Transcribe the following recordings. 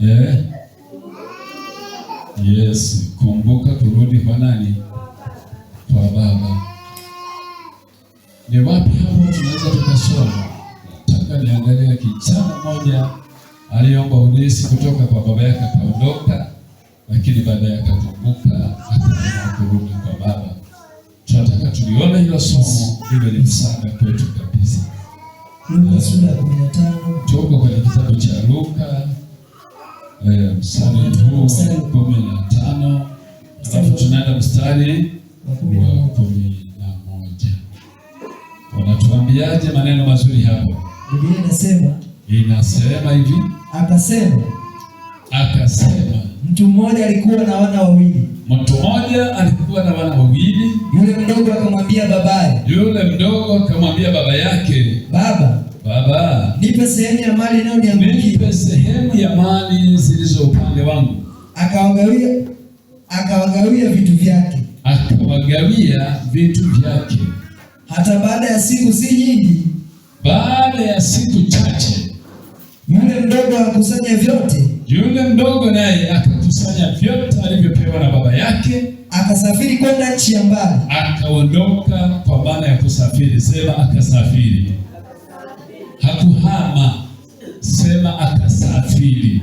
Eh? Yes, kumbuka turudi kwa nani? Kwa Baba. Ni wapi hapo tunaweza tukasoma? Nataka niangalia kijana mmoja aliomba ulisi kutoka kwa baba yake akaondoka, lakini baadaye akakumbuka kurudi kwa Baba. Tunataka tuliona hilo somo liwe ni msaada kwetu kabisa. Tuko kwenye kitabu cha Luka mstari huu kumi na tano alafu tunaenda mstari wa kumi na moja Wanatuambiaje maneno mazuri hapo? Biblia inasema inasema hivi, akasema akasema, mtu mmoja alikuwa na wana wawili mtu mmoja alikuwa na wana wawili. Yule mdogo akamwambia babaye, yule mdogo akamwambia baba yake, baba, baba, nipe sehemu ya mali inayoniangukia ya mali zilizo upande wangu, akawagawia akawagawia vitu vyake, akawagawia vitu vyake. Hata baada ya siku si nyingi, baada ya siku chache, yule mdogo akakusanya vyote, yule mdogo naye akakusanya vyote alivyopewa na baba yake, akasafiri kwenda nchi ya mbali, akaondoka. Kwa maana ya kusafiri, sema akasafiri, hakuhama, sema atasafiri.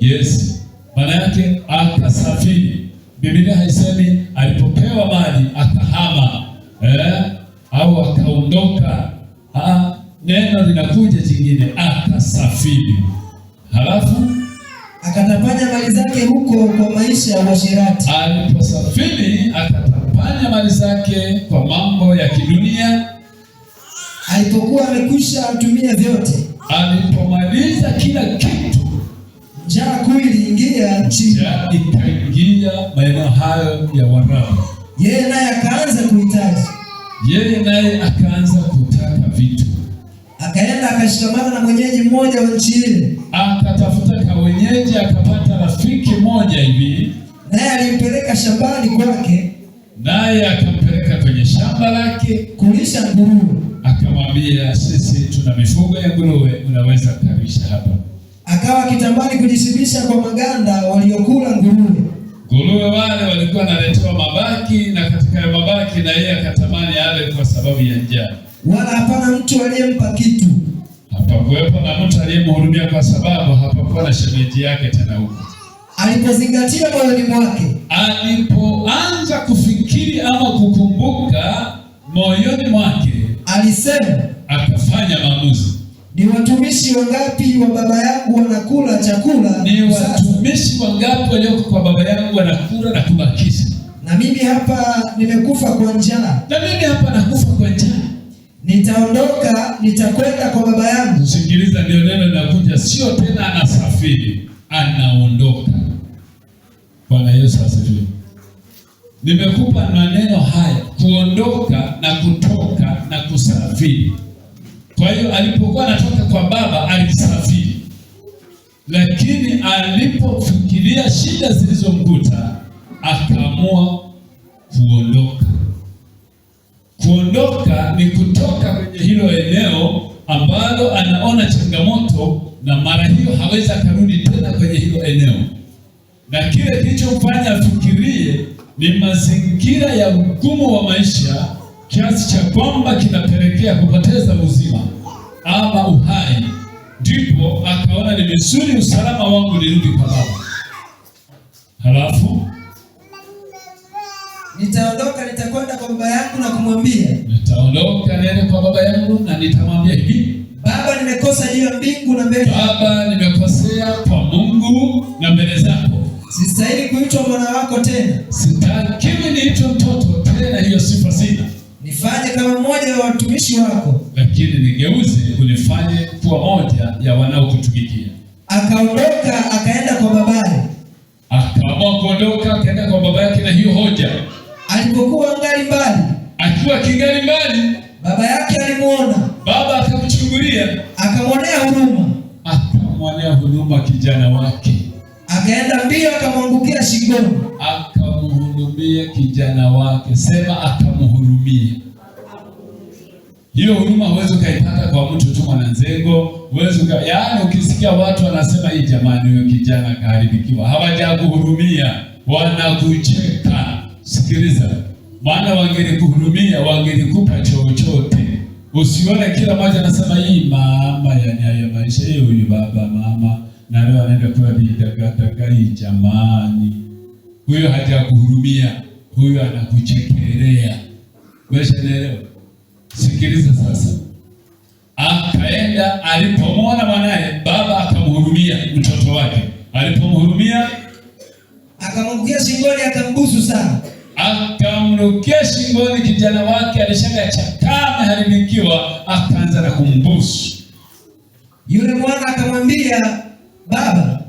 Yes, maana yake akasafiri Biblia haisemi alipopewa maji akahama eh, au akaondoka. Neno linakuja jingine, akasafiri Halafu akatapanya mali zake huko kwa maisha ya uasherati. Aliposafiri akatapanya mali zake kwa mambo ya kidunia. Alipokuwa amekwisha tumia vyote Alipomaliza kila kitu, njaa kuu iliingia nchi, ikaingia maeneo hayo ya Warabu. Yeye naye akaanza kuhitaji, yeye naye akaanza kutaka vitu, akaenda akashikamana na mwenyeji mmoja wa nchi ile, akatafuta ka wenyeji, akapata rafiki moja hivi, naye alimpeleka shambani kwake, naye akampeleka kwenye shamba lake kulisha nguruwe akamwambia, sisi tuna mifugo ya nguruwe, unaweza kukaribisha hapa. Akawa kitambani kujisibisha kwa maganda waliokula nguruwe. Nguruwe wale walikuwa wanaletewa mabaki, na katika ya mabaki na yeye akatamani ale kwa sababu ya njaa, wala hapana mtu aliyempa kitu. Hapakuwepo na mtu aliyemhurumia kwa sababu hapakuwa na shemeji yake tena huko alipozingatia moyoni mwake, alipoanza kufikiri ama kukumbuka moyoni mwake alisema akafanya maamuzi ni watumishi wangapi wa baba yangu wanakula chakula? Ni watumishi wangapi walioko kwa baba yangu wanakula na kubakisha? Na mimi hapa nimekufa kwa njaa, na mimi hapa nakufa kwa njaa. Nitaondoka, nitakwenda kwa baba yangu. Sikiliza, ndio neno linakuja, sio tena anasafiri, anaondoka. Bwana Yesu asifiwe. Nimekupa maneno haya kuondoka na kutoka na kusafiri. Kwa hiyo alipokuwa anatoka kwa baba alisafiri, lakini alipofikiria shida zilizomkuta akaamua kuondoka. Kuondoka ni kutoka kwenye hilo eneo ambalo anaona changamoto, na mara hiyo hawezi akarudi tena kwenye hilo eneo, na kile kilichomfanya afikirie ni mazingira ya mgumu wa maisha kiasi cha kwamba kinapelekea kupoteza uzima ama uhai, ndipo akaona ni vizuri usalama wangu nirudi kwa baba, halafu nitaondoka nitakwenda kwa baba yangu na kumwambia, nitaondoka niende kwa baba yangu na nitamwambia hivi, baba, nimekosa juu ya mbingu na mbele, baba, nimekosea kwa Mungu na mbele zako Sistahili kuitwa mwana wako tena, sitakiwi niitwe mtoto tena, hiyo sifa sina. Nifanye kama mmoja wa watumishi wako, lakini nigeuze unifanye kuwa moja ya wanaokutumikia. Akaondoka akaenda kwa babaye, akaamua kuondoka akaenda kwa baba yake na hiyo hoja. Alipokuwa angali mbali, akiwa kingali mbali, baba yake alimuona, baba akamchungulia, akamwonea huruma, akamwonea huruma kijana wake akaenda mbio akamwangukia shingoni, akamhurumia kijana wake. Sema akamhurumia. Hiyo huruma huwezi ukaipata kwa mtu tu nzengo, huwezi yaani, ukisikia watu wanasema hii, jamani, huyo kijana kaharibikiwa, hawajakuhurumia, wanakucheka. Sikiliza, maana wangelikuhurumia wangelikupa chochote. Usione kila mmoja anasema hii mama, yani haya maisha, huyu baba mama na leo anaenda toa vitakataka Jamani, huyo hajakuhurumia, huyo anakuchekelea. Umeshaelewa? Sikiliza sasa. Akaenda, alipomwona mwanaye, baba akamhurumia mtoto wake. Alipomhurumia akamrukia shingoni, akambusu sana, akamrukia shingoni. Kijana wake alishanga chakaa, ameharibikiwa, akaanza na kumbusu. Yule mwana akamwambia Baba,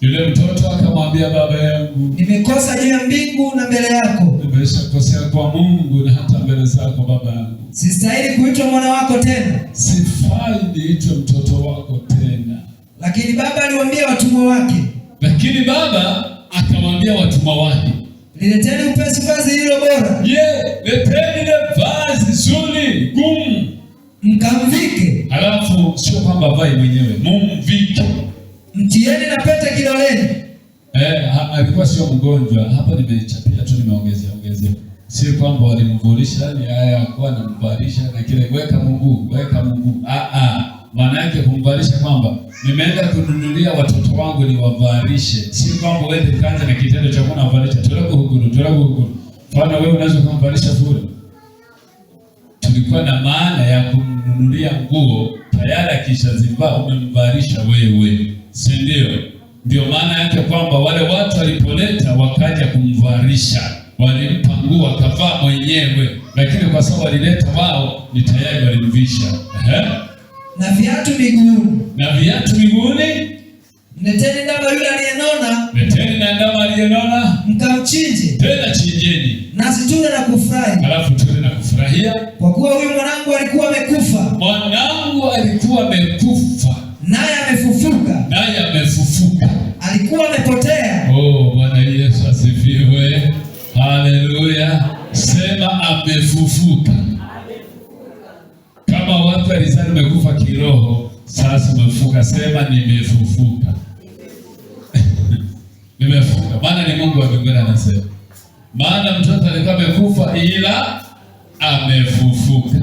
yule mtoto akamwambia baba yangu, nimekosa juu ya mbingu na mbele yako. kosea kwa Mungu na hata mbele zako baba yangu, sistahili kuitwa mwana wako tena, sifai niitwe mtoto wako tena. Lakini baba aliwaambia watumwa wake, lakini baba akamwambia watumwa wake, nileteni upesi vazi hilo bora. Ye, leteni ile vazi zuri gumu, mkamvike. Alafu sio kwamba vai mwenyewe, mumvike mtieni na pete kidoleni. Eh, alikuwa sio mgonjwa hapa, nimechapia tu, nimeongezea ongezea, si kwamba walimvulisha ni haya, akuwa anamvalisha na kile weka mguu weka mguu. Ah, ah, maana yake kumvalisha kwamba nimeenda kununulia watoto wangu niwavalishe, si kwamba wewe kaanza na kitendo cha kuna valisha, tulaku huko, tulaku huko, Mfano wewe unaweza kumvalisha fura, tulikuwa na maana ya kumnunulia nguo tayari, akishazivaa umemvalisha wewe si ndio? Ndio maana yake kwamba wale watu walipoleta wakaja kumvarisha, walimpa nguo akavaa mwenyewe, lakini kwa sababu walileta wao ni tayari walimvisha ehe, na viatu miguuni, na viatu miguuni. Mleteni ndama yule aliyenona, mleteni na ndama aliyenona, mkamchinje. Tena chinjeni, nasi tule na kufurahi, alafu tule na kufurahia, kwa kuwa huyu mwanangu alikuwa amekufa, mwanangu alikuwa amekufa naye alikuwa amepotea. Oh, Bwana Yesu asifiwe. Haleluya. Sema amefufuka. Kama watu walisema nimekufa kiroho, sasa umefufuka. Sema nimefufuka. Nimefufuka. Maana ni Mungu wa mbinguni anasema. Maana mtoto alikuwa amekufa ila amefufuka.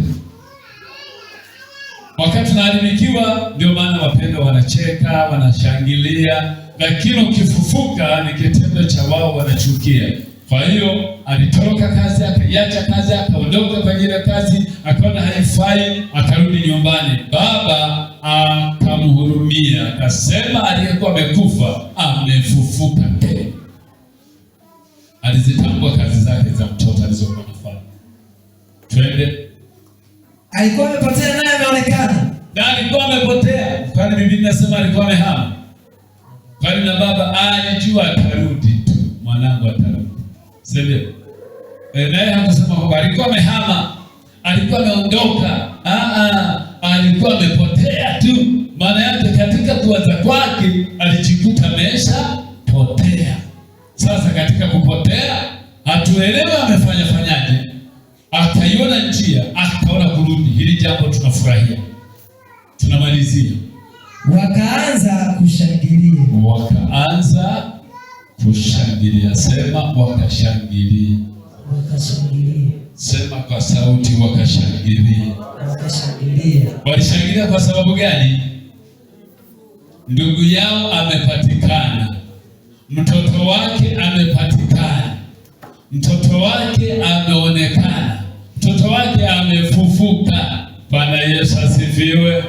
Wakati tunaalimikiwa, ndio maana wapendwa wanacheka, wanashangilia lakini ukifufuka ni kitendo cha wao wanachukia. Kwa hiyo alitoroka kazi, akaiacha kazi, akaondoka kwa ajili ya kazi, akaona haifai, akarudi nyumbani. Baba akamhurumia, akasema aliyekuwa amekufa amefufuka Alizitambua kazi zake za mtoto alizokuwa anafanya. Twende, alikuwa amepotea naye ameonekana, na alikuwa amepotea, kwani Biblia inasema alikuwa amehama Kwani na baba alijua atarudi tu, mwanangu atarudi, Sende. E, eh, naye hakusema kwamba alikuwa amehama, alikuwa ameondoka, ah, ah. alikuwa amepotea tu. Maana yake katika kuwaza kwake alijikuta amesha potea. Sasa katika kupotea hatuelewe amefanya fanyaje, akaiona njia akaona kurudi. Hili jambo tunafurahia, tunamalizia wakaanza kushangilia, wakaanza kushangilia. Sema wakashangilia, wakashangilia. Sema kwa sauti, wakashangilia, wakashangilia. Walishangilia kwa sababu gani? Ndugu yao amepatikana, mtoto wake amepatikana, mtoto wake ameonekana, mtoto wake amefufuka. Bwana Yesu asifiwe.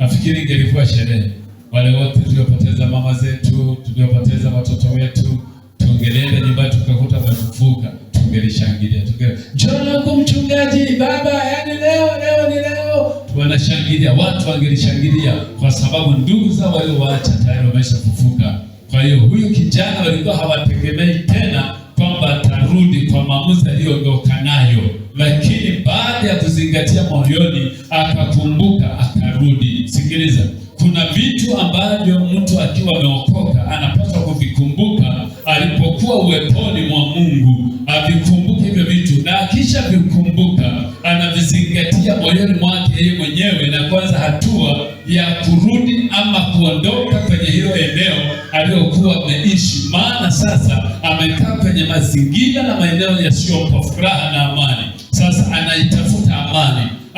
Nafikiri ingelikuwa sherehe wale wote tuliopoteza mama zetu, tuliopoteza watoto wetu, tungelienda nyumbani tukakuta wamefufuka, tungelishangilia, tungele njoo langu mchungaji baba, yani leo leo ni leo, wanashangilia, watu wangelishangilia kwa sababu ndugu zao waliowaacha tayari wameshafufuka. Kwa hiyo huyu kijana walikuwa hawategemei tena kwamba atarudi kwa maamuzi aliyoondoka nayo, lakini kuzingatia moyoni, akakumbuka akarudi. Sikiliza, kuna vitu ambavyo mtu akiwa ameokoka anapaswa kuvikumbuka alipokuwa uweponi mwa Mungu, avikumbuke hivyo vitu, na akisha vikumbuka anavizingatia moyoni mwake yeye mwenyewe, na kwanza hatua ya kurudi ama kuondoka kwenye hilo eneo aliyokuwa ameishi, maana sasa amekaa kwenye mazingira na maeneo kwa furaha na amani. Sasa anai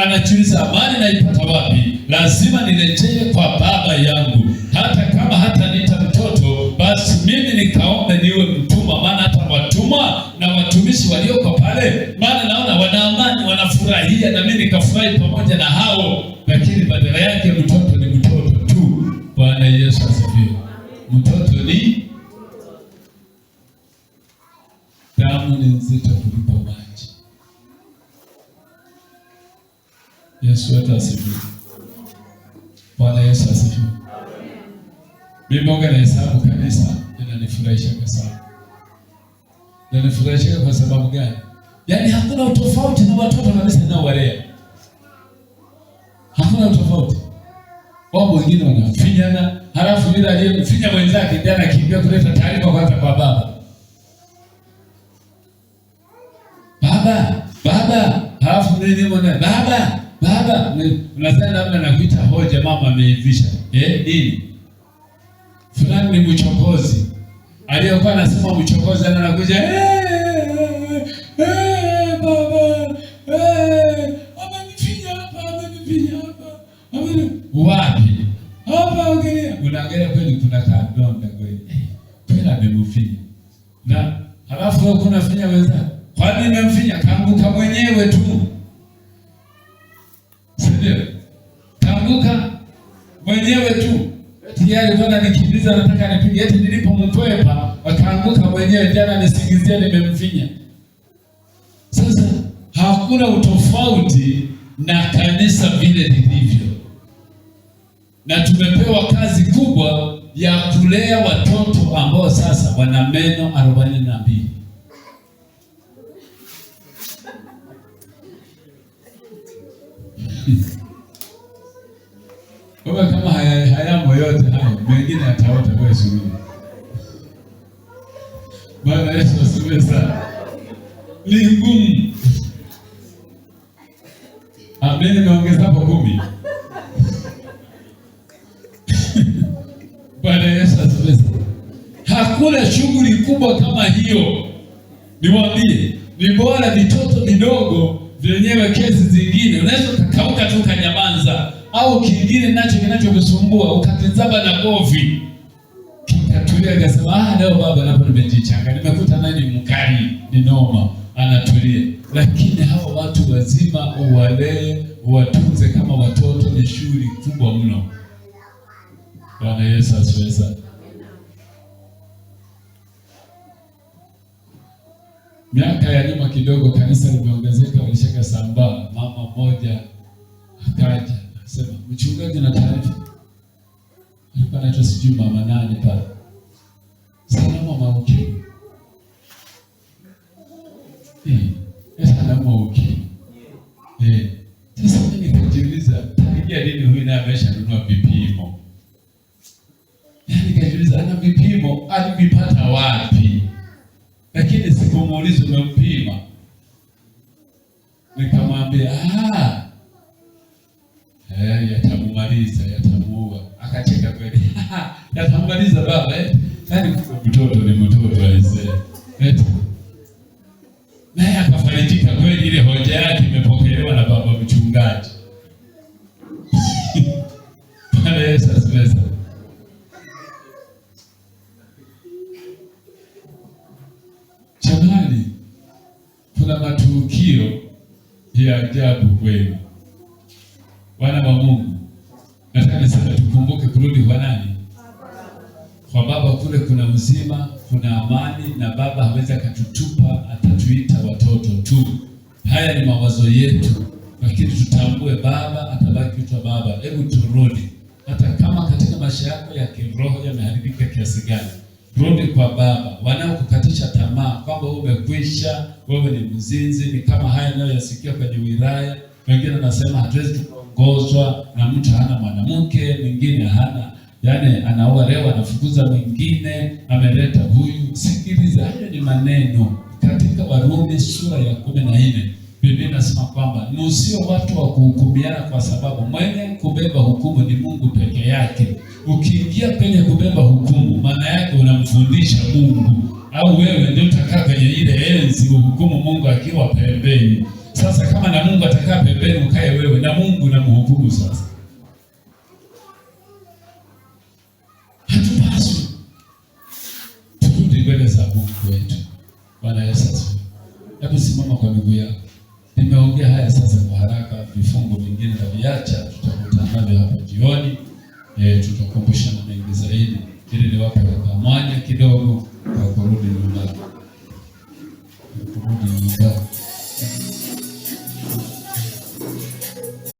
anachuliza amani naipata wapi? Lazima nirejee kwa baba yangu, hata kama hata nita mtoto, basi mimi nikaombe niwe mtumwa, maana hata watumwa na watumishi walio Yesu wetu asifiwe. Bwana Yesu asifiwe. Mimi na hesabu kabisa inanifurahisha kwa sana. Inanifurahisha kwa sababu gani? Yaani hakuna utofauti na watoto kabisa ninaowalea. Hakuna utofauti. Wao wengine wanafinyana, halafu yule aliyemfinya mwenzake ndiye anakimbia kuleta taarifa kwanza kwa baba. Baba, baba, halafu mimi mwana, baba Baba, unasema labda nakuita hoja mama ameivisha. Eh, nini? Fulani ni mchokozi. Aliyokuwa anasema mchokozi anakuja eh akiniuliza nataka nipige, eti nilipomkwepa wakaanguka mwenyewe, jana nisingizie nimemfinya. Sasa hakuna utofauti na kanisa vile lilivyo, na tumepewa kazi kubwa ya kulea watoto ambao sasa wana meno arobaini na mbili. Kwa kama haya haya moyote hayo, mengine yataota kwa shughuli. Bwana Yesu asifiwe sana. Ni ngumu. Amen, nimeongeza hapo kumi. Bwana Yesu asifiwe. Hakuna shughuli kubwa kama hiyo. Niwaambie, ni bora vitoto vidogo vyenyewe, kesi zingine unaweza kukauka tu kanyamanza au kingine nacho kinachokusumbua ukakizaba na kofi kikatulia, kasema ah, leo baba napo nimejichanga, nimekuta nani ni mkali, ni noma, anatulia. Lakini hao watu wazima uwalee, uwatunze kama watoto, ni shughuli kubwa mno. Bwana Yesu asifiwe sana. Miaka ya nyuma kidogo, kanisa limeongezeka, walishaka sambaa, mama mmoja akaja Sema mchungaji na taarifa alikuwa anaitwa sijui mama nane pale, mama mke akacheka kweli. Yatamaliza baba eh. Yaani mtoto ni mtoto aisee. Eti eh? kule kuna uzima, kuna amani, na Baba hawezi akatutupa, atatuita watoto tu. Haya ni mawazo yetu, lakini tutambue Baba atabaki kichwa. Baba, hebu turudi, hata kama katika maisha yako ya kiroho yameharibika kiasi gani, rudi kwa Baba. Wanaokukatisha tamaa kwamba wewe umekwisha, wewe ni mzinzi, ni kama haya nayo kwenye wilaya. Wengine wanasema hatuwezi tukaongozwa na mtu, hana mwanamke, mwingine hana Yaani anaoa leo anafukuza mwingine, ameleta huyu. Sikiliza, hayo ni maneno. Katika Warumi sura ya kumi na nne Biblia inasema kwamba msio watu wa kuhukumiana, kwa sababu mwenye kubeba hukumu ni Mungu peke yake. Ukiingia kwenye kubeba hukumu, maana yake unamfundisha Mungu, au wewe ndio utakaa kwenye ile enzi uhukumu Mungu akiwa pembeni. Sasa kama na Mungu atakaa pembeni, ukae wewe na Mungu, namhukumu sasa Bwana Yesu asifiwe. Hebu simama kwa miguu yako. Nimeongea haya sasa kwa haraka, vifungo vingine na viacha tutakutana navyo hapo jioni. E, tutakumbushana mengi zaidi ili niwape mwanya kidogo kwa kurudi nyumbani. Kurudi nyumbani.